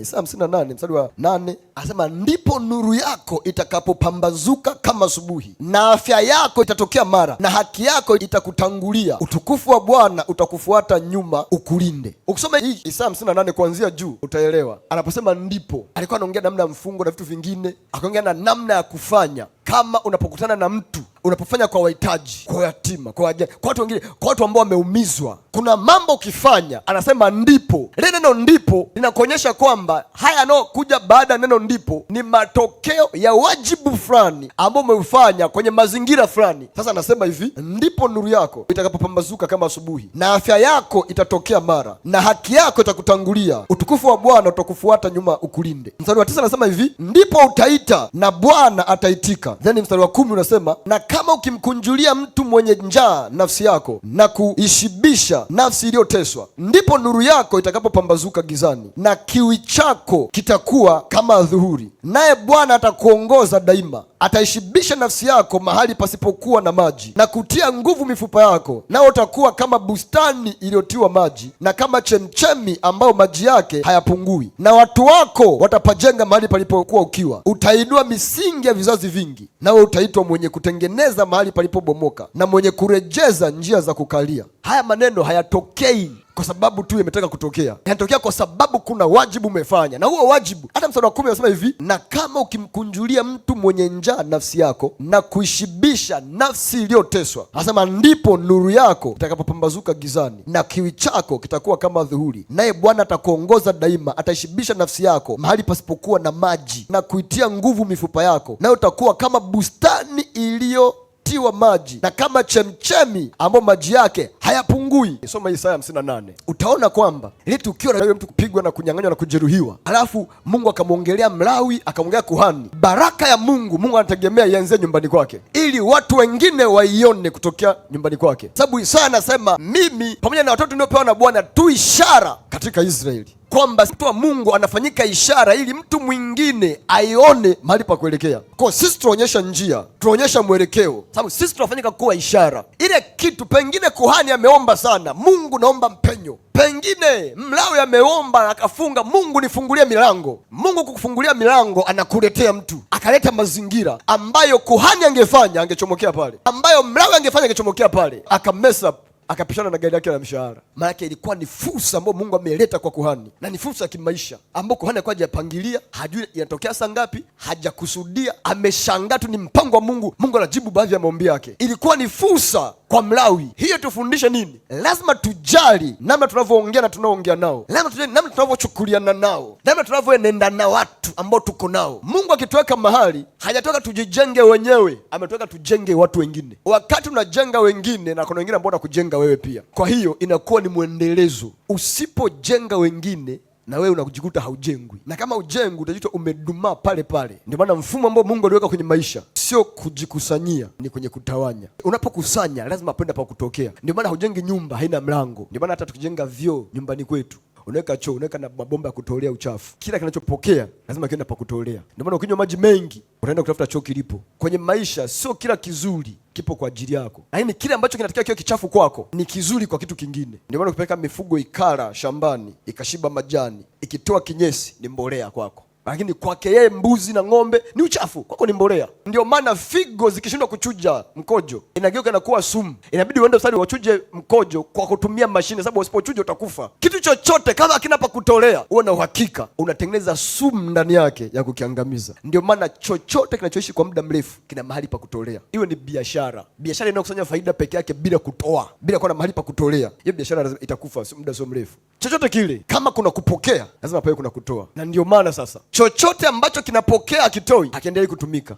Isaya hamsini na nane mstari wa nane asema, ndipo nuru yako itakapopambazuka kama asubuhi, na afya yako itatokea mara, na haki yako itakutangulia, utukufu wa Bwana utakufuata nyuma ukulinde. Ukisoma hii Isaya hamsini na nane kuanzia juu utaelewa. Anaposema ndipo, alikuwa anaongea namna ya mfungo na vitu vingine, akaongea na namna ya kufanya kama unapokutana na mtu unapofanya kwa wahitaji, kwa yatima, kwa wajane, kwa watu wengine, kwa watu ambao wameumizwa, kuna mambo ukifanya, anasema ndipo. Lile neno ndipo linakuonyesha kwamba haya yanayokuja baada ya neno ndipo ni matokeo ya wajibu fulani ambao umeufanya kwenye mazingira fulani. Sasa anasema hivi, ndipo nuru yako itakapopambazuka kama asubuhi, na afya yako itatokea mara, na haki yako itakutangulia, utukufu wa Bwana utakufuata nyuma ukulinde. Mstari wa tisa anasema hivi, ndipo utaita na Bwana ataitika. Then mstari wa kumi unasema na kama ukimkunjulia mtu mwenye njaa nafsi yako na kuishibisha nafsi iliyoteswa, ndipo nuru yako itakapopambazuka gizani na kiwi chako kitakuwa kama dhuhuri, naye Bwana atakuongoza daima ataishibisha nafsi yako mahali pasipokuwa na maji na kutia nguvu mifupa yako, nao utakuwa kama bustani iliyotiwa maji na kama chemchemi ambayo maji yake hayapungui. Na watu wako watapajenga mahali palipokuwa ukiwa, utainua misingi ya vizazi vingi, nawe utaitwa mwenye kutengeneza mahali palipobomoka na mwenye kurejeza njia za kukalia. Haya maneno hayatokei kwa sababu tu imetaka kutokea, yanatokea kwa sababu kuna wajibu umefanya, na huo wajibu, hata mstari wa kumi anasema hivi, na kama ukimkunjulia mtu mwenye njaa nafsi yako na kuishibisha nafsi iliyoteswa, anasema ndipo nuru yako itakapopambazuka gizani na kiwi chako kitakuwa kama dhuhuri, naye Bwana atakuongoza daima, ataishibisha nafsi yako mahali pasipokuwa na maji na kuitia nguvu mifupa yako, nayo utakuwa kama bustani iliyotiwa maji na kama chemchemi ambayo maji yake hayapo haipungui. Soma Isaya 58, utaona kwamba ile tukio la mtu kupigwa na kunyang'anywa na kujeruhiwa, alafu Mungu akamwongelea Mlawi, akamwongelea kuhani. Baraka ya Mungu, Mungu anategemea ianzie nyumbani kwake ili watu wengine waione kutokea nyumbani kwake, sababu Isaya anasema mimi pamoja na watoto niliopewa na Bwana tu ishara katika Israeli, kwamba mtu wa Mungu anafanyika ishara ili mtu mwingine aione mahali pa kuelekea. Kwa sisi tunaonyesha njia, tunaonyesha mwelekeo, sababu sisi tunafanyika kuwa ishara. Ile kitu pengine kuhani ameomba sana, Mungu naomba mpenyo pengine Mlawi ameomba akafunga, Mungu nifungulie milango. Mungu kukufungulia milango, anakuletea mtu akaleta mazingira ambayo kuhani angefanya angechomokea pale, ambayo Mlawi angefanya angechomokea pale, akamesa akapishana na gari yake la mshahara. Maanake ilikuwa ni fursa ambayo Mungu ameleta kwa kuhani, na ni fursa ya kimaisha ambayo kuhani alikuwa hajapangilia, hajui inatokea saa ngapi, hajakusudia, ameshangaa tu, ni mpango wa Mungu. Mungu anajibu baadhi ya maombi yake. Ilikuwa ni fursa kwa Mlawi. Hiyo tufundishe nini? Lazima tujali namna tunavyoongea na tunaoongea nao, lazima tujali namna tunavyochukuliana nao, namna tunavyoenenda na watu ambao tuko nao. Mungu akituweka mahali, hajatoka tujijenge wenyewe, ametoka tujenge watu wengine. Wakati unajenga wengine, na kuna wengine ambao wanakujenga wewe pia. Kwa hiyo inakuwa ni mwendelezo. Usipojenga wengine na wewe unajikuta haujengwi, na kama ujengwi utajikuta umedumaa pale pale. Ndio maana mfumo ambao Mungu aliweka kwenye maisha sio kujikusanyia, ni kwenye kutawanya. Unapokusanya lazima penda pa kutokea. Ndio maana hujengi nyumba haina mlango. Ndio maana hata tukijenga vyoo nyumbani kwetu unaweka choo, unaweka na mabomba ya kutolea uchafu. Kila kinachopokea lazima kienda pa kutolea. Ndio maana ukinywa maji mengi unaenda kutafuta choo kilipo. Kwenye maisha sio kila kizuri kipo kwa ajili yako, lakini kile ambacho kinatakiwa kiwe kichafu kwako ni kizuri kwa kitu kingine. Ndio maana ukipeleka mifugo ikara shambani ikashiba majani ikitoa kinyesi ni mbolea kwako lakini kwake yeye mbuzi na ng'ombe ni uchafu, kwako ni mbolea. Ndio maana figo zikishindwa kuchuja mkojo inageuka na kuwa sumu, inabidi uende hospitali wachuje mkojo kwa kutumia mashine, sababu usipochuja utakufa. Kitu chochote kama akina pa kutolea, uwe na uhakika unatengeneza sumu ndani yake ya kukiangamiza. Ndio maana chochote kinachoishi kwa muda mrefu kina mahali pa kutolea, iwe ni biashara. Biashara inayokusanya faida peke yake bila kutoa, bila kuwa na mahali pa kutolea, hiyo biashara itakufa muda sio mrefu. Chochote kile kama kuna kupokea, lazima pawe kuna kutoa, na ndio maana sasa chochote ambacho kinapokea akitoi, akiendelea kutumika.